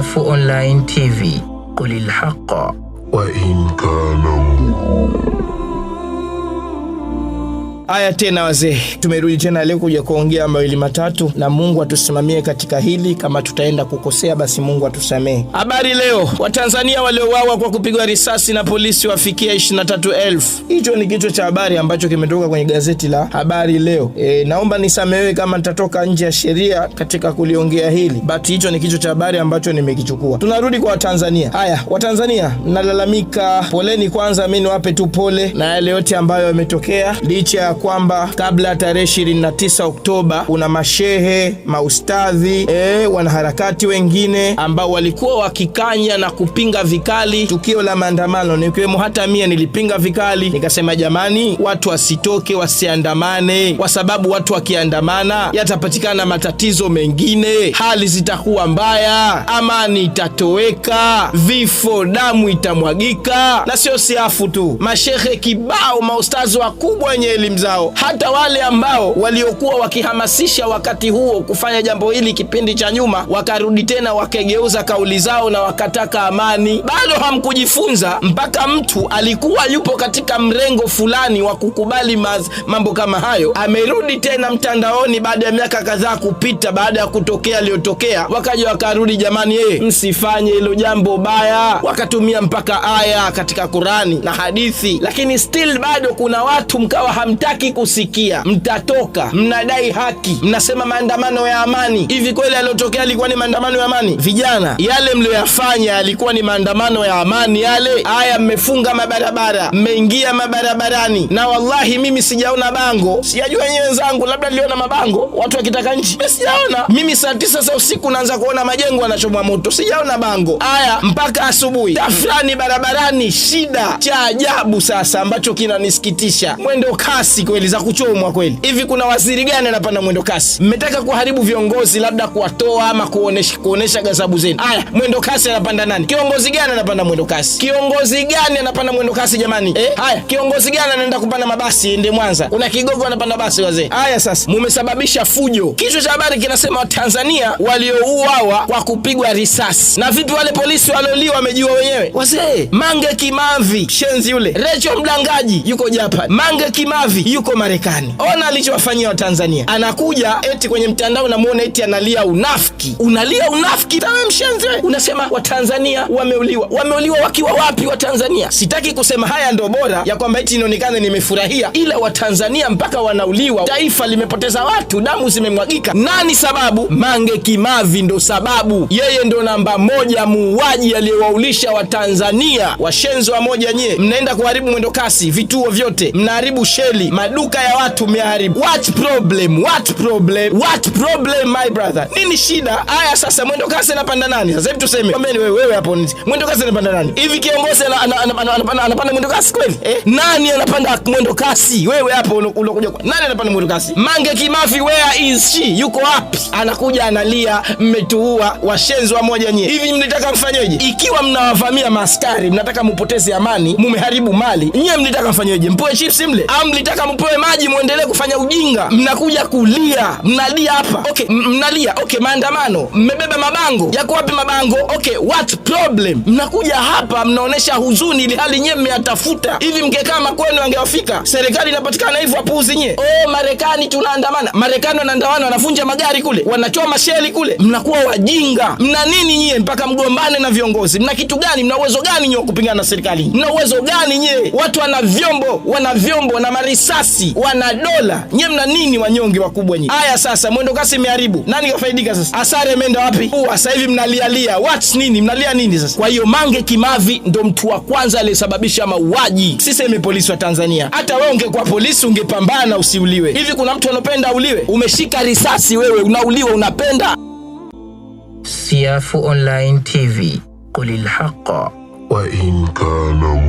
في أونلاين تي في قل الحق وإن كانوا Haya tena wazee, tumerudi tena leo kuja kuongea mawili matatu, na Mungu atusimamie katika hili. Kama tutaenda kukosea, basi Mungu atusamehe. Habari leo, Watanzania waliouawa kwa kupigwa risasi na polisi wafikia 23,000. Hicho ni kichwa cha habari ambacho kimetoka kwenye gazeti la Habari Leo. E, naomba nisamehewe kama nitatoka nje ya sheria katika kuliongea hili, but hicho ni kichwa cha habari ambacho nimekichukua. Tunarudi kwa Watanzania. Haya, Watanzania mnalalamika, poleni kwanza. Mimi niwape tu pole na yale yote ambayo yametokea licha ya kwamba kabla ya tarehe 29 Oktoba kuna mashehe, maustadhi, e, eh, wanaharakati wengine ambao walikuwa wakikanya na kupinga vikali tukio la maandamano, nikiwemo hata mie nilipinga vikali, nikasema jamani, watu wasitoke, wasiandamane kwa sababu watu wakiandamana yatapatikana matatizo mengine, hali zitakuwa mbaya, amani itatoweka, vifo, damu itamwagika, na sio siafu tu, mashehe kibao, maustazi wakubwa wenye elimu zao, hata wale ambao waliokuwa wakihamasisha wakati huo kufanya jambo hili kipindi cha nyuma, wakarudi tena wakegeuza kauli zao na wakataka amani. Bado hamkujifunza mpaka mtu alikuwa yupo katika mrengo fulani wa kukubali maz, mambo kama hayo, amerudi tena mtandaoni baada ya miaka kadhaa kupita, baada ya kutokea aliyotokea, wakaja wakarudi, jamani, ee, msifanye hilo jambo baya. Wakatumia mpaka aya katika Qurani na hadithi, lakini still bado kuna watu mkawa hamtaki hamtaki kusikia, mtatoka, mnadai haki, mnasema maandamano ya amani. Hivi kweli yaliyotokea alikuwa ni maandamano ya amani? Vijana, yale mliyoyafanya yalikuwa ni maandamano ya amani yale? Haya, mmefunga mabarabara, mmeingia mabarabarani, na wallahi mimi sijaona bango, sijajua nyinyi wenzangu, labda niliona mabango watu wakitaka nchi, sijaona mimi. Saa tisa za usiku naanza kuona majengo yanachomwa moto, sijaona bango. Haya, mpaka asubuhi, tafrani barabarani, shida cha ajabu. Sasa ambacho kinanisikitisha mwendo kasi kasi kweli za kuchomwa kweli. Hivi kuna waziri gani anapanda mwendo kasi? Mmetaka kuharibu viongozi, labda kuwatoa ama kuonesha, kuonesha gazabu zenu. Aya, mwendo kasi anapanda nani? Kiongozi gani anapanda mwendo kasi? Kiongozi gani anapanda mwendo kasi jamani? Eh, haya, kiongozi gani anaenda kupanda mabasi ende Mwanza? Kuna kigogo anapanda basi wazee. Haya sasa, mumesababisha fujo. Kichwa cha habari kinasema Watanzania waliouawa kwa kupigwa risasi. Na vipi wale polisi walioliwa wamejua wenyewe wazee? Mange Kimavi shenzi yule, Recho mdangaji yuko Japan. Mange Kimavi yuko Marekani. Ona alichowafanyia Watanzania, anakuja eti kwenye mtandao namuona eti analia unafiki. Unalia unafiki tawe mshenze unasema Watanzania wameuliwa. Wameuliwa wakiwa wapi Watanzania? Sitaki kusema haya ndo bora ya kwamba eti inaonekana nimefurahia, ila Watanzania mpaka wanauliwa, taifa limepoteza watu, damu zimemwagika. Nani sababu? Mange Kimavi ndo sababu, yeye ndo namba moja muuaji aliyewaulisha Watanzania. Washenzi wa moja nyie, mnaenda kuharibu mwendo kasi, vituo vyote mnaharibu sheli maduka ya watu umeharibu. What problem? What problem? What problem my brother? Nini shida? Haya sasa mwendo kasi anapanda nani? Sasa hebu tuseme. Kwambeni wewe wewe hapo nje. Mwendo kasi anapanda nani? Hivi kiongozi anapanda mwendo kasi kweli? Eh? Nani anapanda mwendo kasi? Wewe hapo unakuja kwa. Nani anapanda mwendo kasi? Mange Kimafi where is she? Yuko wapi? Anakuja analia mmetuua washenzi wa moja nyie. Hivi mnataka mfanyeje? Ikiwa mnawavamia maskari, mnataka mupoteze amani, mumeharibu mali. Nyie mnataka mfanyeje? Mpoe chips mle? Au mlitaka lazima mpewe maji, muendelee kufanya ujinga. Mnakuja kulia, mnalia hapa okay, mnalia okay, maandamano, mmebeba mabango yako wapi? Mabango okay, what problem? Mnakuja hapa mnaonesha huzuni, ili hali nyewe mmeyatafuta. Hivi mngekaa makwenu angewafika? Serikali inapatikana hivyo, wapuuzi nyewe. Oh, Marekani tunaandamana, Marekani wanaandamana, wanafunja magari kule, wanachoma sheli kule. Mnakuwa wajinga, mna nini nyie mpaka mgombane na viongozi? Mna kitu gani? Mna uwezo gani nyie wa kupingana na serikali? Mna uwezo gani nyie? Watu wana vyombo, wana vyombo na marisa kasi, wana dola, nyie mna nini? Wanyonge wakubwa nyie. Haya sasa, mwendo kasi imeharibu, nani kafaidika sasa? asare imeenda wapi? Sasa hivi mnalialia what's nini? Mnalia nini sasa? Kwa hiyo Mange Kimavi ndo mtu wa kwanza aliyesababisha mauaji, siseme polisi wa Tanzania. Hata wewe ungekuwa polisi ungepambana usiuliwe. Hivi kuna mtu anopenda auliwe? Umeshika risasi wewe, unauliwa unapenda? Siafu Online TV, kulil wa in kana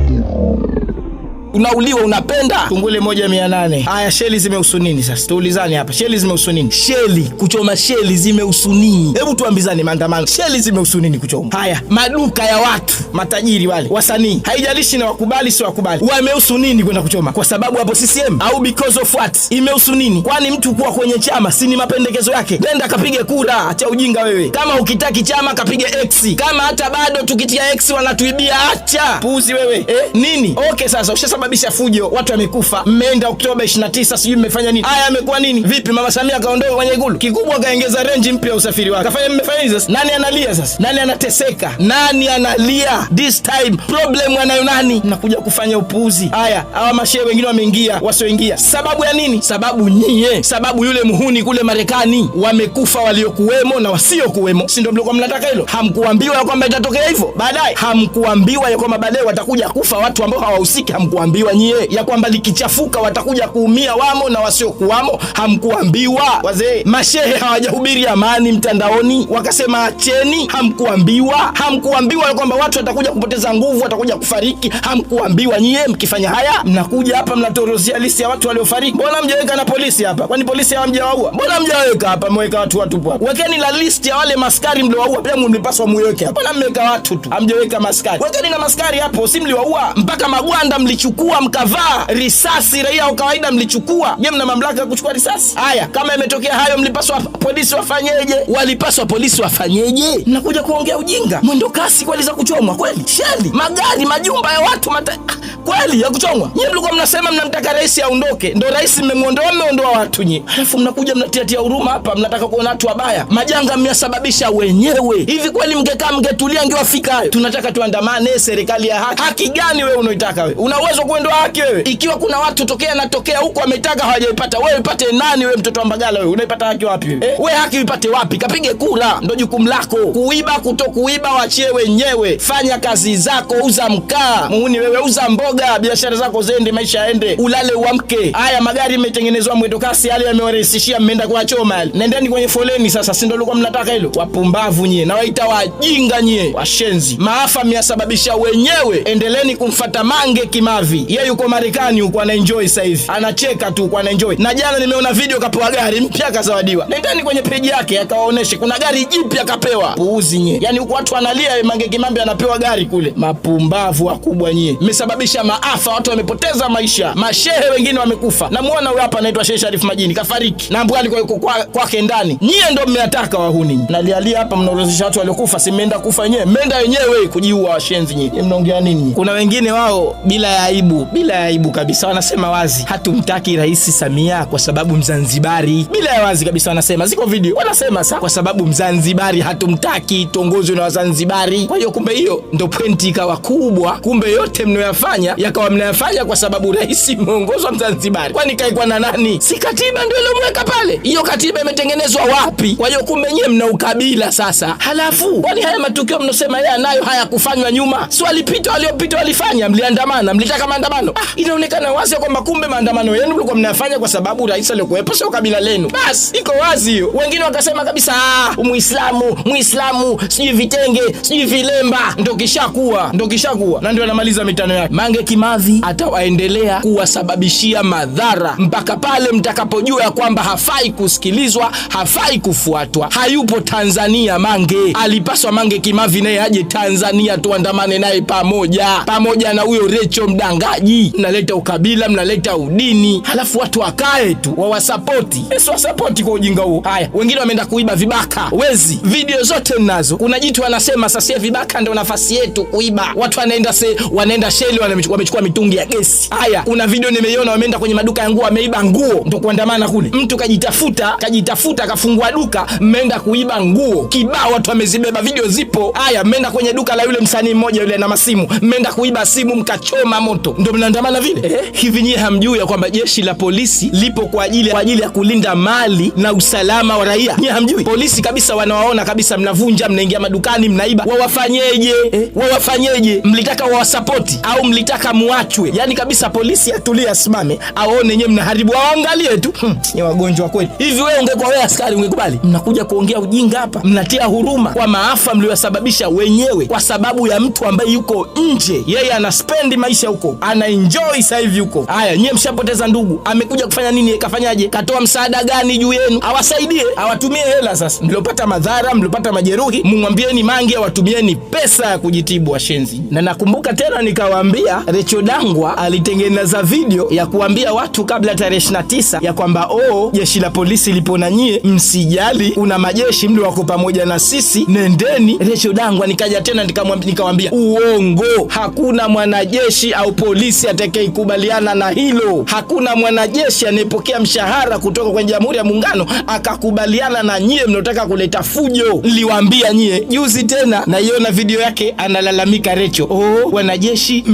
unauliwa unapenda tungule moja mia nane. Haya, sheli zimehusu nini? Sasa tuulizane hapa, sheli zimehusu nini? Sheli kuchoma sheli zimehusu nini? Hebu tuambizane, maandamano sheli zimehusu nini kuchoma? Haya, maduka ya watu matajiri wale wasanii, haijalishi na wakubali si wakubali, wamehusu nini kwenda kuchoma? Kwa sababu hapo CCM au because of what imehusu nini? Kwani mtu kuwa kwenye chama si ni mapendekezo yake? Nenda kapige kura, acha ujinga wewe. Kama ukitaki chama kapige X, kama hata bado tukitia X wanatuibia, acha puuzi wewe eh? Nini okay, sasa ushasema kusababisha fujo, watu wamekufa, mmeenda Oktoba 29 sijui mmefanya nini. Haya yamekuwa nini? Vipi mama Samia kaondoka kwenye Ikulu? Kikubwa kaongeza renji mpya ya usafiri wake, kafanya mmefanya sasa. Nani analia sasa? Nani anateseka? Nani analia this time? Problem anayo nani? Mnakuja kufanya upuuzi. Haya, hawa mashehe wengine wameingia, wasioingia, sababu ya nini? Sababu nyie, sababu yule mhuni kule Marekani, wamekufa waliokuwemo na wasiokuwemo, si ndio mlikuwa mnataka hilo? Hamkuambiwa ya kwamba itatokea hivyo baadaye? Hamkuambiwa ya kwamba baadaye watakuja kufa watu ambao hawahusiki? Hamkuambiwa hamkuambiwa nyie ya kwamba likichafuka watakuja kuumia wamo na wasiokuwamo? Hamkuambiwa wazee? Mashehe hawajahubiri amani mtandaoni wakasema acheni? Hamkuambiwa? Hamkuambiwa kwamba watu watakuja kupoteza nguvu, watakuja kufariki? Hamkuambiwa nyie? Mkifanya haya mnakuja hapa mnatorozia listi ya watu waliofariki. Mbona mjaweka na polisi hapa? Kwani polisi hawamjawaua? Mbona mjaweka hapa? Mweka watu watupu hapa. Wekeni la listi ya wale maskari mliowaua, pia mlipaswa muweke hapa. Mbona mmeweka watu tu, hamjaweka maskari? Wekeni na maskari hapo, si mliwaua mpaka magwanda mlichukua mlichukua mkavaa risasi raia wa kawaida mlichukua. Je, mna mamlaka ya kuchukua risasi? Haya, kama imetokea hayo, mlipaswa polisi wafanyeje? Walipaswa polisi wafanyeje? Mnakuja kuongea ujinga, mwendo kasi kweli za kuchomwa kweli, sheli magari, majumba ya watu mata ah, kweli ya kuchongwa Nyie mlikuwa mnasema mnamtaka rais aondoke, ndo rais mmemwondoa, mmeondoa watu nyi alafu mnakuja mnatiatia huruma hapa, mnataka kuona watu wabaya, majanga mnasababisha wenyewe. Hivi kweli mngekaa mngetulia, ngewafika hayo? Tunataka tuandamane, serikali ya haki. Haki gani wewe unaoitaka we una uwezo mwendo wake wewe. Ikiwa kuna watu tokea na tokea huko wametaga hawajaipata, wewe ipate nani? Wewe mtoto wa Mbagala wewe unaipata haki wapi wewe eh? Wewe haki uipate wapi? Kapige kula, ndio jukumu lako. Kuiba kuiba, wachie wenyewe. Fanya kazi zako, uza mkaa muuni wewe, uza mboga, biashara zako zende, maisha yaende, ulale uamke. Haya magari yametengenezwa mwendo kasi, yale yamewarahisishia, mmeenda kuwachoma yale. Nendeni kwenye foleni sasa, si ndio ulikuwa mnataka hilo? Wapumbavu nyie, nawaita wajinga nyie, washenzi. Maafa myasababisha wenyewe, endeleni kumfata mange kimavi hivi, ye yuko Marekani huko anaenjoy sasa hivi, anacheka tu huko anaenjoy. Na jana nimeona video kapewa gari mpya kazawadiwa, nendani kwenye peji yake akawaoneshe, kuna gari jipya kapewa. Puuzi nye, yani huko watu wanalia, Mange Kimambi anapewa gari kule. Mapumbavu wakubwa nyie, mmesababisha maafa, watu wamepoteza maisha, mashehe wengine wamekufa. Namuona huyo hapa anaitwa Sheikh Sharif Majini kafariki, na mbwa alikuwa yuko kwake kwa ndani. Nyie ndio mmeataka wahuni, nalialia hapa, mnaorozesha watu waliokufa. Si mmeenda kufa wenyewe, mmeenda wenyewe kujiua, washenzi nyie. Mnaongea nini? Kuna wengine wao bila ya aibu, bila ya aibu kabisa, wanasema wazi, hatumtaki Rais Samia kwa sababu Mzanzibari. Bila ya wazi kabisa wanasema, ziko video wanasema sa kwa sababu Mzanzibari hatumtaki, tuongozwe na Wazanzibari. Kwa hiyo kumbe hiyo ndo pointi ikawa kubwa, kumbe yote mnayoyafanya yakawa mnayafanya kwa sababu rais mmeongozwa Mzanzibari. Kwani kaikwa na nani? Si katiba ndio ilomweka pale? Hiyo katiba imetengenezwa wapi? Kwa hiyo kumbe nyewe mna ukabila sasa. Halafu kwani haya matukio mnaosema yeye anayo hayakufanywa nyuma? Si walipita, waliopita walifanya, mliandamana, mlitaka maandamano, ah. inaonekana wazi kwamba kumbe maandamano yenu mlikuwa mnayafanya kwa sababu rais aliokuwepo sio kabila lenu. Basi iko wazi hiyo. Wengine wakasema kabisa, ah, Muislamu Muislamu, sijui vitenge, sijui vilemba, ndo kishakuwa ndo kishakuwa, na ndio anamaliza mitano yake. Mange kimadhi atawaendelea kuwasababishia madhara mpaka pale mtakapojua ya kwamba hafai kusikilizwa, hafai kufuatwa, hayupo Tanzania. Mange alipaswa Mange kimavi naye aje Tanzania tuandamane naye pamoja, pamoja na huyo Recho mdanga utangazaji, mnaleta ukabila, mnaleta udini, halafu watu wakae tu wawasapoti. Yesu wasapoti kwa ujinga huo. Haya, wengine wameenda kuiba vibaka, wezi, video zote mnazo. Kuna jitu anasema sasa vibaka ndio nafasi yetu kuiba. Watu wanaenda se, wanaenda sheli, wamechukua mitungi ya gesi. Haya, kuna video nimeiona, wameenda kwenye maduka ya nguo, wameiba nguo, ndio kuandamana kule. Mtu kajitafuta, kajitafuta, kafungua duka, mmeenda kuiba nguo kibao, watu wamezibeba, video zipo. Haya, mmeenda kwenye duka la yule msanii mmoja yule na masimu, mmeenda kuiba simu, mkachoma moto ndo mnaandamana vile eh? Hivi nyie hamjui ya kwamba jeshi la polisi lipo kwa ajili kwa ajili ya kulinda mali na usalama wa raia? Nyie hamjui? Polisi kabisa wanawaona kabisa, mnavunja, mnaingia madukani, mnaiba, wawafanyeje eh? Wawafanyeje? mlitaka wawasapoti au mlitaka muachwe? Yani kabisa polisi atulie, asimame, awaone nyie mnaharibu, awaangalie tu hmm. Ni wagonjwa kweli. Hivi wewe ungekuwa wewe askari ungekubali? Mnakuja kuongea ujinga hapa, mnatia huruma kwa maafa mliyosababisha wenyewe kwa sababu ya mtu ambaye yuko nje, yeye anaspendi maisha huko ana enjoy sasa hivi huko. Haya, nyie mshapoteza ndugu, amekuja kufanya nini? Kafanyaje? Katoa msaada gani juu yenu? Awasaidie, awatumie hela. Sasa mliopata madhara, mliopata majeruhi, mumwambieni mangi awatumieni pesa ya kujitibu washenzi. Na nakumbuka tena nikawaambia Recho Dangwa alitengeneza video ya kuambia watu kabla tarehe 29 ya kwamba o oh, jeshi la polisi lipo na nyie, msijali, una majeshi mli wako pamoja na sisi, nendeni. Recho Dangwa nikaja tena nikamwambia, nikawaambia uongo, hakuna mwanajeshi au polisi polisi atakayekubaliana na hilo. Hakuna mwanajeshi anayepokea mshahara kutoka kwenye Jamhuri ya Muungano akakubaliana na nyie mnaotaka kuleta fujo. Niliwaambia nyie juzi tena, naiona video yake analalamika Recho, oh, wanajeshi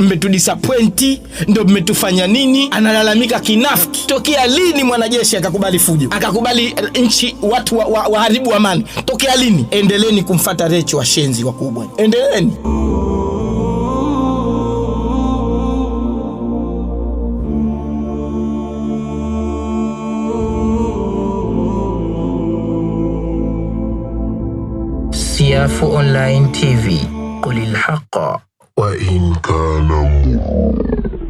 mmetudisapwenti, ndo mmetufanya nini? Analalamika kinafiki. Tokea lini mwanajeshi akakubali fujo, akakubali eh, nchi watu wa, wa, wa amani? Tokea lini? Endeleni kumfata Recho, washenzi wakubwa, endeleni. ياف أونلاين تي في قل الحق وإن كان مرا